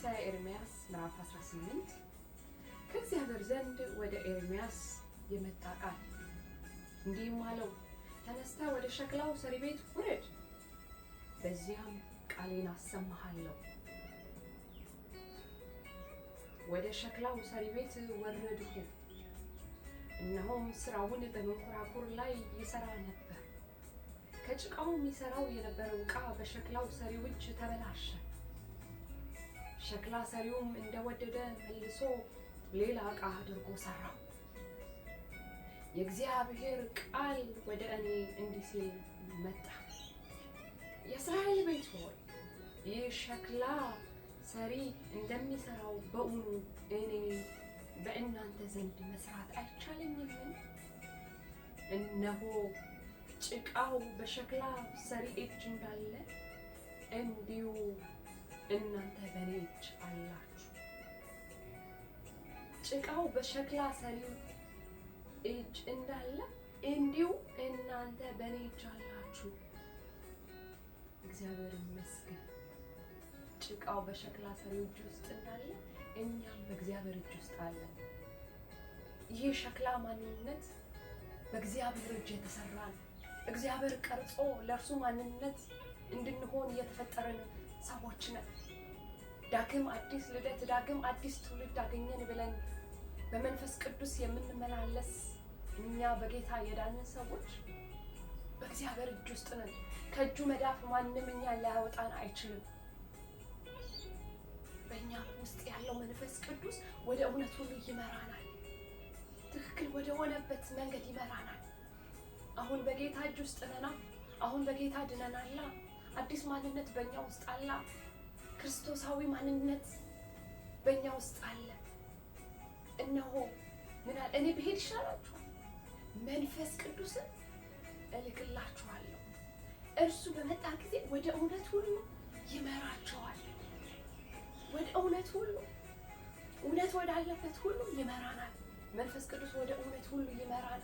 ትንሣኤ ኤርምያስ ምዕራፍ 18 ከእግዚአብሔር ዘንድ ወደ ኤርምያስ የመጣ ቃል እንዲህም አለው፣ ተነስተህ ወደ ሸክላው ሰሪ ቤት ውረድ፣ በዚያም ቃሌን አሰማሃለሁ። ወደ ሸክላው ሰሪ ቤት ወረድሁ፣ እነሆም ስራውን በመንኮራኩር ላይ ይሰራ ነበር። ከጭቃውም የሚሰራው የነበረው ዕቃ በሸክላው ሰሪ እጅ ተበላሸ። ሸክላ ሰሪውም እንደወደደ መልሶ ሌላ ዕቃ አድርጎ ሠራው። የእግዚአብሔር ቃል ወደ እኔ እንዲህ ሲል መጣ። የእስራኤል ቤት ሆይ ይህ ሸክላ ሰሪ እንደሚሰራው በእውኑ እኔ በእናንተ ዘንድ መስራት አይቻለኝም? እነሆ ጭቃው በሸክላ ሰሪ እጅ እንዳለ እንዲሁ እናንተ በእኔ እጅ አላችሁ። ጭቃው በሸክላ ሰሪ እጅ እንዳለ እንዲሁ እናንተ በእኔ እጅ አላችሁ። እግዚአብሔር ይመስገን። ጭቃው በሸክላ ሰሪው እጅ ውስጥ እንዳለ እኛም በእግዚአብሔር እጅ ውስጥ አለን። ይህ ሸክላ ማንነት በእግዚአብሔር እጅ የተሰራ ነው። እግዚአብሔር ቀርጾ ለእርሱ ማንነት እንድንሆን እየተፈጠረ ነው። ሰዎች ነን። ዳግም አዲስ ልደት፣ ዳግም አዲስ ትውልድ አገኘን ብለን በመንፈስ ቅዱስ የምንመላለስ እኛ በጌታ የዳንን ሰዎች በእግዚአብሔር እጅ ውስጥ ነን። ከእጁ መዳፍ ማንም እኛ ሊያወጣን አይችልም። በእኛ ውስጥ ያለው መንፈስ ቅዱስ ወደ እውነት ሁሉ ይመራናል። ትክክል ወደ ሆነበት መንገድ ይመራናል። አሁን በጌታ እጅ ውስጥ ነና። አሁን በጌታ ድነናላ። አዲስ ማንነት በእኛ ውስጥ አለ። ክርስቶሳዊ ማንነት በእኛ ውስጥ አለ። እነሆ አለ? እኔ ብሄድ ይሻላችኋል፣ መንፈስ ቅዱስን እልክላችኋለሁ። እርሱ በመጣ ጊዜ ወደ እውነት ሁሉ ይመራቸዋል። ወደ እውነት ሁሉ እውነት ወዳለበት ሁሉ ይመራናል። መንፈስ ቅዱስ ወደ እውነት ሁሉ ይመራናል።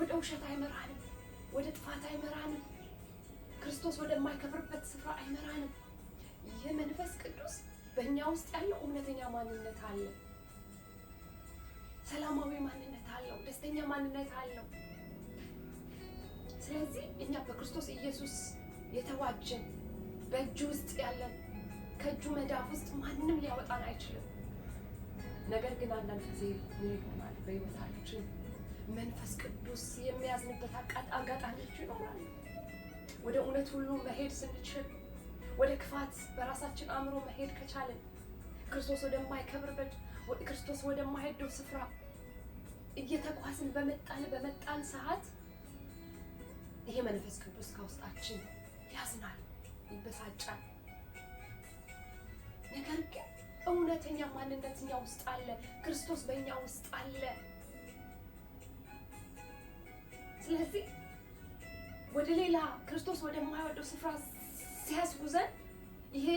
ወደ ውሸት አይመራንም። ወደ ጥፋት አይመራንም። ክርስቶስ ወደማይከብርበት ስፍራ አይመራንም። ይህ መንፈስ ቅዱስ በእኛ ውስጥ ያለው እውነተኛ ማንነት አለው። ሰላማዊ ማንነት አለው። ደስተኛ ማንነት አለው። ስለዚህ እኛ በክርስቶስ ኢየሱስ የተዋጀን በእጁ ውስጥ ያለን ከእጁ መዳፍ ውስጥ ማንም ሊያወጣን አይችልም። ነገር ግን አንዳንድ ጊዜ ምን ይሆናል? በሕይወታችን መንፈስ ቅዱስ የሚያዝንበት አጋጣሚዎች ይኖራሉ። ወደ እውነት ሁሉ መሄድ ስንችል፣ ወደ ክፋት በራሳችን አእምሮ መሄድ ከቻልን፣ ክርስቶስ ወደማይከብርበት ክርስቶስ ወደማይሄደው ስፍራ እየተጓዝን በመጣን በመጣን ሰዓት ይሄ መንፈስ ቅዱስ ከውስጣችን ያዝናል፣ ይበሳጫል። ነገር ግን እውነተኛ ማንነት እኛ ውስጥ አለ፣ ክርስቶስ በእኛ ውስጥ አለ። ስለዚህ ወደ ሌላ ክርስቶስ ወደማይወደው ስፍራ ሲያስጉዘን ይሄ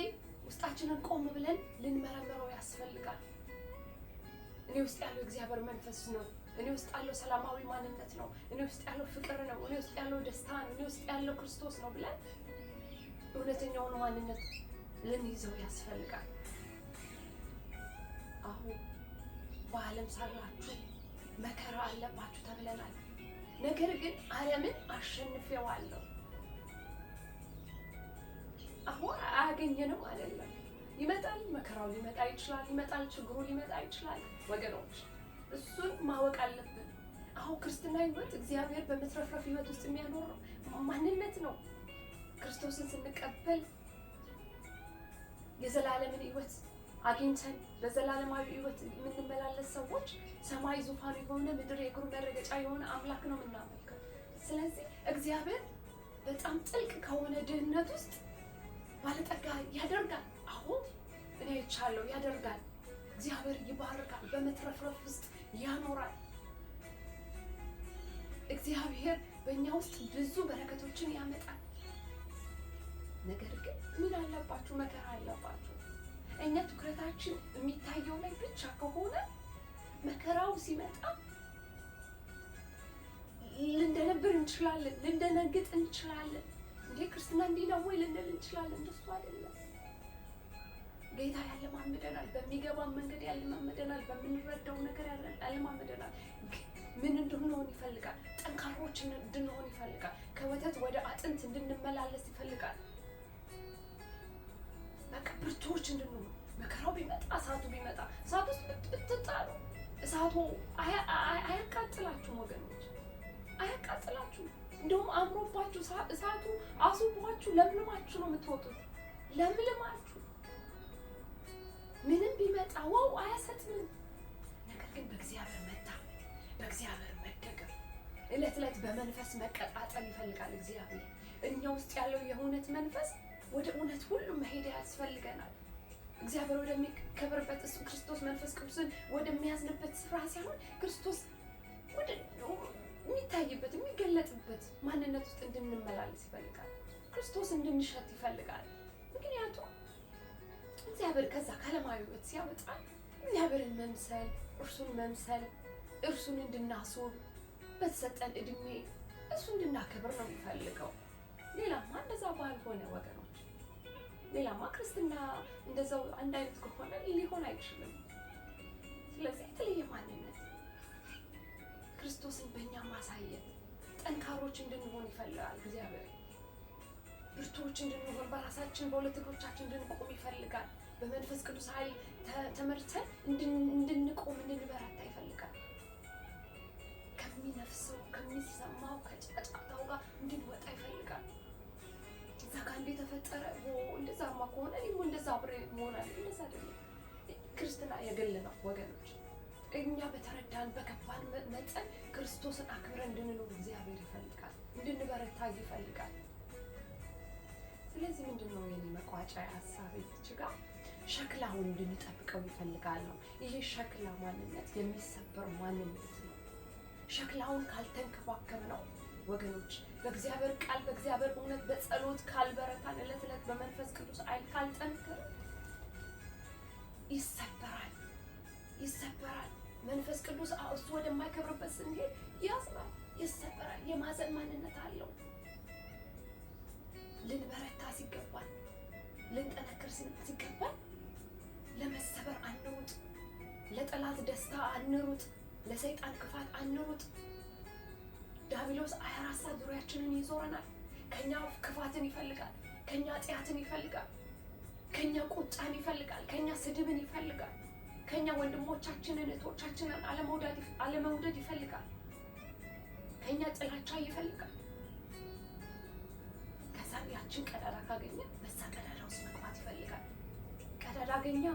ውስጣችንን ቆም ብለን ልንመረምረው ያስፈልጋል። እኔ ውስጥ ያለው እግዚአብሔር መንፈስ ነው። እኔ ውስጥ ያለው ሰላማዊ ማንነት ነው። እኔ ውስጥ ያለው ፍቅር ነው። እኔ ውስጥ ያለው ደስታ ነው። እኔ ውስጥ ያለው ክርስቶስ ነው ብለን እውነተኛውን ማንነት ልንይዘው ያስፈልጋል። አሁን በዓለም ሳላችሁ መከራ አለባችሁ ተብለናል። ነገር ግን ዓለምን አሸንፌዋለሁ። አሁን አያገኘንም አይደለም። ይመጣል፣ መከራው ሊመጣ ይችላል። ይመጣል፣ ችግሩ ሊመጣ ይችላል። ወገኖች እሱን ማወቅ አለብን። አሁን ክርስትና ህይወት እግዚአብሔር በመትረፍረፍ ህይወት ውስጥ የሚያኖረው ማንነት ነው። ክርስቶስን ስንቀበል የዘላለምን ህይወት አግኝተን በዘላለማዊ ህይወት የምንመላለስ ሰዎች ሰማይ ዙፋን የሆነ ምድር የእግሩ መረገጫ የሆነ አምላክ ነው የምናመልከው። ስለዚህ እግዚአብሔር በጣም ጥልቅ ከሆነ ድህነት ውስጥ ባለጠጋ ያደርጋል። አሁን እኔ ይቻለሁ ያደርጋል። እግዚአብሔር ይባርካል። በመትረፍረፍ ውስጥ ያኖራል። እግዚአብሔር በእኛ ውስጥ ብዙ በረከቶችን ያመጣል። ነገር ግን ምን አለባችሁ? መከራ አለባችሁ። እኛ ትኩረታችን የሚታየው ላይ ብቻ ከሆነ መከራው ሲመጣ ልንደነብር እንችላለን፣ ልንደነግጥ እንችላለን። እንዴ ክርስትና እንዲህ ነው ወይ ልንል እንችላለን። እንደሱ አይደለም። ጌታ ያለማመደናል በሚገባ መንገድ ያለማመደናል፣ በምንረዳው ነገር ያለማመደናል። ምን እንድንሆን ይፈልጋል? ጠንካሮች እንድንሆን ይፈልጋል። ከወተት ወደ አጥንት እንድንመላለስ ይፈልጋል። ብርቶች እንድንሆን መከራው ቢመጣ እሳቱ ቢመጣ እሳት ውስጥ ብትጣሉ እሳቱ አያቃጥላችሁም ወገኖች፣ አያቃጥላችሁ እንደውም አምሮባችሁ እሳቱ አስውቧችሁ ለምልማችሁ ነው የምትወጡት። ለምልማችሁ ምንም ቢመጣ ዋው አያሰጥምም። ነገር ግን በእግዚአብሔር መታ በእግዚአብሔር መደገፍ፣ እለት እለት በመንፈስ መቀጣጠል ይፈልጋል እግዚአብሔር። እኛ ውስጥ ያለው የእውነት መንፈስ ወደ እውነት ሁሉ መሄድ ያስፈልገናል። እግዚአብሔር ወደሚከበርበት እሱ ክርስቶስ መንፈስ ቅዱስን ወደሚያዝንበት ስፍራ ሳይሆን ክርስቶስ ወደ የሚታይበት የሚገለጥበት ማንነት ውስጥ እንድንመላለስ ይፈልጋል። ክርስቶስ እንድንሸት ይፈልጋል። ምክንያቱም እግዚአብሔር ከዛ ከለማዊ ሕይወት ሲያወጣል እግዚአብሔርን መምሰል፣ እርሱን መምሰል፣ እርሱን እንድናስብ በተሰጠን እድሜ እሱ እንድናከብር ነው የሚፈልገው። ሌላማ እንደዛ ባልሆነ ወገን ሌላማ ክርስትና እንደዛው አንድ አይነት ከሆነ ሊሆን አይችልም። ስለዚህ የተለየ ማንነት ክርስቶስን በእኛ ማሳየት ጠንካሮች እንድንሆን ይፈልጋል እግዚአብሔር። ብርቱዎች እንድንሆን በራሳችን በሁለት እግሮቻችን እንድንቆም ይፈልጋል። በመንፈስ ቅዱስ ኃይል ተመርተን እንድንቆም እንድንበረታ ይፈልጋል። ከሚነፍሰው ከሚሰማው ተፈጠረ እንደዛማ ከሆነ እኔ እንደዛ አብሬ መሆን እንደዛ ክርስትና የግል ነው ወገኖች። እኛ በተረዳን በከባድ መጠን ክርስቶስን አክብረን እንድንኖር እግዚአብሔር ይፈልጋል፣ እንድንበረታ ይፈልጋል። ስለዚህ ምንድን ነው የኔ መቋጫ ሀሳብ እዚች ጋር ሸክላውን እንድንጠብቀው ይፈልጋል ነው። ይሄ ሸክላ ማንነት የሚሰበር ማንነት ነው። ሸክላውን ካልተንከባከብ ነው ወገኖች በእግዚአብሔር ቃል በእግዚአብሔር እውነት በጸሎት ካልበረታን እለት እለት በመንፈስ ቅዱስ አይል ካልጠንክር ይሰበራል ይሰበራል። መንፈስ ቅዱስ እሱ ወደማይከብርበት ስንሄድ ያዝናል፣ ይሰበራል። የማዘን ማንነት አለው። ልንበረታ ሲገባል፣ ልንጠነክር ሲገባል ለመሰበር አንሩጥ፣ ለጠላት ደስታ አንሩጥ፣ ለሰይጣን ክፋት አንሩጥ። ዲያብሎስ አያራሳ ዙሪያችንን ይዞረናል። ከኛ ክፋትን ይፈልጋል። ከኛ ጥያትን ይፈልጋል። ከኛ ቁጣን ይፈልጋል። ከኛ ስድብን ይፈልጋል። ከኛ ወንድሞቻችንን እህቶቻችንን አለመውደድ ይፈልጋል። ከኛ ጥላቻ ይፈልጋል። ከዛ ያችን ቀዳዳ ካገኘ በዛ ቀዳዳ ውስጥ መግባት ይፈልጋል። ቀዳዳ አገኛ፣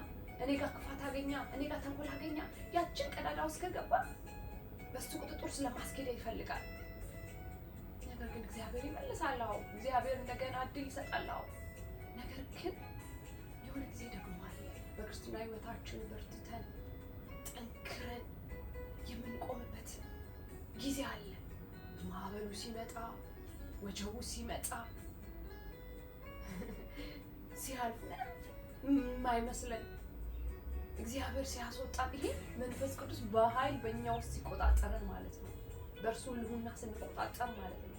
እኔ ጋር ክፋት አገኛ፣ እኔ ጋር ተንኮል አገኛ። ያችን ቀዳዳ ውስጥ ከገባ በሱ ቁጥጥር ስለማስኬድ ይፈልጋል። ግን እግዚአብሔር ይመልሳል። አዎ እግዚአብሔር እንደገና እድል ይሰጣል። አዎ ነገር ግን የሆነ ጊዜ ደግሞ አለ በክርስትና ህይወታችን በርትተን ጠንክረን የምንቆምበት ጊዜ አለ። ማዕበሉ ሲመጣ፣ ወጀቡ ሲመጣ ሲያልፍ የማይመስለን እግዚአብሔር ሲያስወጣ ይሄ መንፈስ ቅዱስ በኃይል በእኛ ውስጥ ሲቆጣጠረን ማለት ነው። በእርሱ ልሁና ስንቆጣጠር ማለት ነው።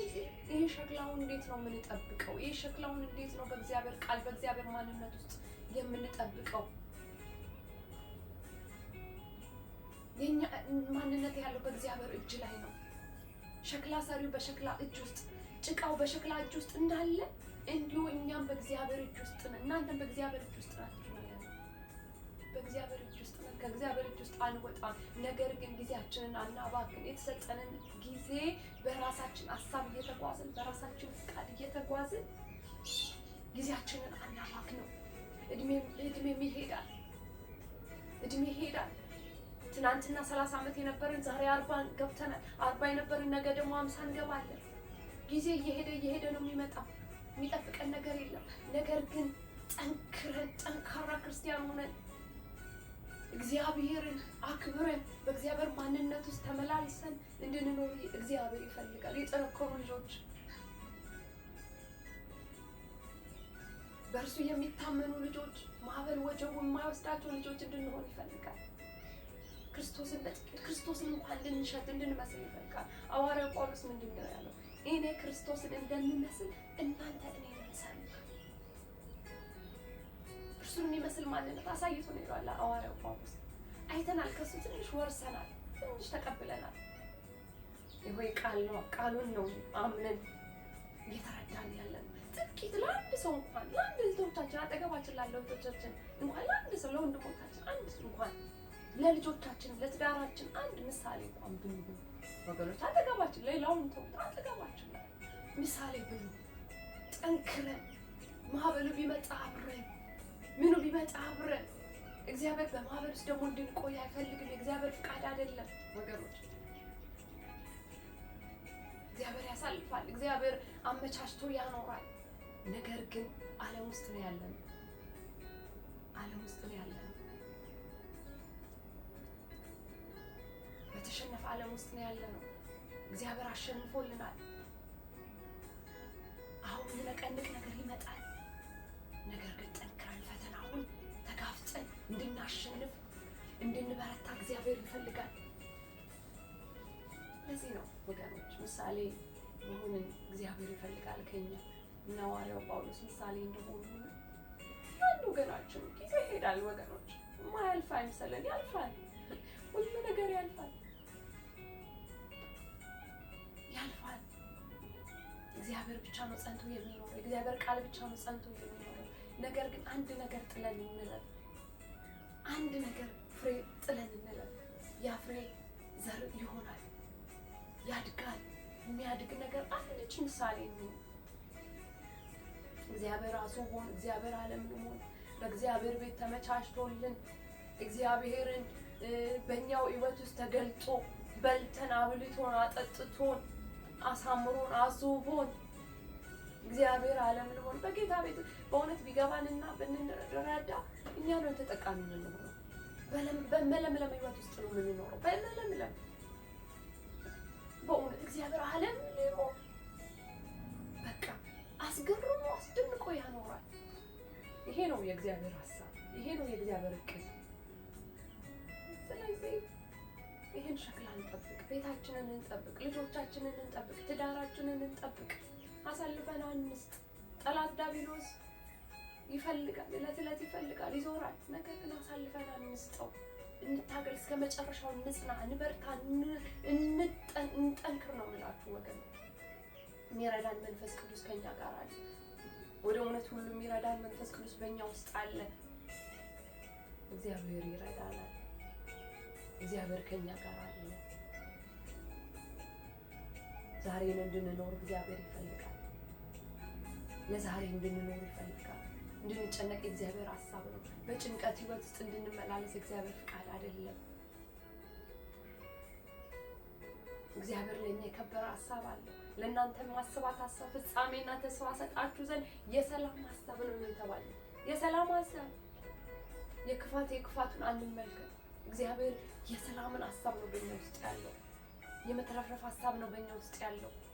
ስለዚህ ይሄ ሸክላውን እንዴት ነው የምንጠብቀው? ይሄ ሸክላውን እንዴት ነው በእግዚአብሔር ቃል በእግዚአብሔር ማንነት ውስጥ የምንጠብቀው? የኛ ማንነት ያለው በእግዚአብሔር እጅ ላይ ነው። ሸክላ ሰሪው በሸክላ እጅ ውስጥ፣ ጭቃው በሸክላ እጅ ውስጥ እንዳለ እንዲሁ እኛም በእግዚአብሔር እጅ ውስጥ ነን። እናንተም በእግዚአብሔር እጅ ውስጥ ናችሁ በእግዚአብሔር ከእግዚአብሔር እጅ ውስጥ አንወጣም። ነገር ግን ጊዜያችንን አናባክን። የተሰጠንን ጊዜ በራሳችን ሀሳብ እየተጓዝን በራሳችን ፍቃድ እየተጓዝን ጊዜያችንን ነው። እድሜም ይሄዳል። እድሜ ይሄዳል። ትናንትና ሰላሳ ዓመት የነበርን ዛሬ አርባ ገብተናል። አርባ የነበርን ነገ ደግሞ አምሳ እንገባለን። ጊዜ እየሄደ እየሄደ ነው የሚመጣው። የሚጠብቀን ነገር የለም። ነገር ግን ጠንክረን ጠንካራ ክርስቲያን ሆነን እግዚአብሔርን አክብረን በእግዚአብሔር ማንነት ውስጥ ተመላልሰን እንድንኖር እግዚአብሔር ይፈልጋል። የጠነከሩ ልጆች፣ በእርሱ የሚታመኑ ልጆች፣ ማዕበል ወጀቡ የማይወስዳቸው ልጆች እንድንሆን ይፈልጋል። ክርስቶስን ክርስቶስን እንኳን እንድንሸጥ እንድንመስል ይፈልጋል። ሐዋርያው ጳውሎስ ምንድን ነው ያለው? እኔ ክርስቶስን እንደምመስል እናንተ እኔ እሱን የሚመስል ማንነት አሳይቶ ነው ይሏል አዋርያው ጳውሎስ። አይተናል፣ ከሱ ትንሽ ወርሰናል፣ ትንሽ ተቀብለናል። ይሆይ ቃል ነው ቃሉን ነው አምነን እየተረዳን ያለን ጥቂት ለአንድ ሰው እንኳን ለአንድ ልጆቻችን፣ አጠገባችን ላለው እህቶቻችን እንኳን ለአንድ ሰው ለወንድሞቻችን አንድ እንኳን ለልጆቻችን ለትዳራችን አንድ ምሳሌ እንኳን ብንሆን ወገኖች፣ አጠገባችን ሌላውን ተውት፣ አጠገባችን ምሳሌ ብንሆን ጠንክረን ማህበሉ ቢመጣ አብረን ምኑ ቢመጣ አብረን እግዚአብሔር በማህበር ውስጥ ደግሞ እንድንቆይ አይፈልግም። እግዚአብሔር ፍቃድ አይደለም ወገኖች። እግዚአብሔር ያሳልፋል። እግዚአብሔር አመቻችቶ ያኖራል። ነገር ግን ዓለም ውስጥ ነው ያለን፣ ዓለም ውስጥ ነው ያለን። በተሸነፈ ዓለም ውስጥ ነው ያለ ነው። እግዚአብሔር አሸንፎልናል። አሁን የሚነቀንቅ ነገር ይመጣል። ነገር ግን እንድናሸንፍ እንድንበረታ እግዚአብሔር ይፈልጋል። ለዚህ ነው ወገኖች ምሳሌ መሆንን እግዚአብሔር ይፈልጋል ከኛ እና ሐዋርያው ጳውሎስ ምሳሌ እንደሆኑ አንድ ወገናችን ጊዜ ይሄዳል። ወገኖች ማያልፍ አይምሰለን፣ ያልፋል። ሁሉ ነገር ያልፋል ያልፋል። እግዚአብሔር ብቻ ነው ጸንቶ የሚኖረው። እግዚአብሔር ቃል ብቻ ነው ጸንቶ የሚኖረው። ነገር ግን አንድ ነገር ጥለን እንለፍ አንድ ነገር ፍሬ ጥለን እንለም። ያ ፍሬ ዘር ይሆናል፣ ያድጋል። የሚያድግ ነገር አለች ምሳሌ ነው። እግዚአብሔር ራሱ ሆን እግዚአብሔር ዓለም ሆን በእግዚአብሔር ቤት ተመቻችቶልን እግዚአብሔርን በእኛው ሕይወት ውስጥ ተገልጦ በልተን አብልቶን አጠጥቶን አሳምሮን አስውቦን እግዚአብሔር ዓለም ልሆን በጌታ ቤት በእውነት ቢገባንና ብንረዳ እኛ ነው ተጠቃሚ የምንሆነው። በመለምለም ህይወት ውስጥ ነው የምንኖረው። በመለምለም በእውነት እግዚአብሔር ዓለም ልሞ በቃ አስገርሞ አስደንቆ ያኖራል። ይሄ ነው የእግዚአብሔር ሀሳብ፣ ይሄ ነው የእግዚአብሔር እቅድ። ስለዚህ ይህን ሸክላ እንጠብቅ፣ ቤታችንን እንጠብቅ፣ ልጆቻችንን እንጠብቅ፣ ትዳራችንን እንጠብቅ፣ አሳልፈን አንስጥ። ጠላት ቢሎስ ይፈልጋል። እለት እለት ይፈልጋል፣ ይዞራል። ነገር ግን አሳልፈን አንስጠው። እንታገል፣ እስከ መጨረሻው እንጽና፣ እንበርታ፣ እንጠንክር ነው የምላችሁ ወገን። የሚረዳን መንፈስ ቅዱስ ከኛ ጋር አለ። ወደ እውነት ሁሉ የሚረዳን መንፈስ ቅዱስ በእኛ ውስጥ አለ። እግዚአብሔር ይረዳናል። እግዚአብሔር ከኛ ጋር አለ። ዛሬን እንድንኖር እግዚአብሔር ይፈልጋል። ለዛሬ እንድንኖር ይፈልጋል። እንድንጨነቅ የእግዚአብሔር ሀሳብ ነው። በጭንቀት ህይወት ውስጥ እንድንመላለስ እግዚአብሔር ፍቃድ አይደለም። እግዚአብሔር ለእኛ የከበረ ሀሳብ አለ። ለእናንተ ማስባት ሀሳብ ፍጻሜና ተስፋ ሰጣችሁ ዘንድ የሰላም ሀሳብ ነው የተባለ የሰላም ሀሳብ የክፋት የክፋቱን አንመልከት። እግዚአብሔር የሰላምን ሀሳብ ነው በእኛ ውስጥ ያለው። የመትረፍረፍ ሀሳብ ነው በእኛ ውስጥ ያለው።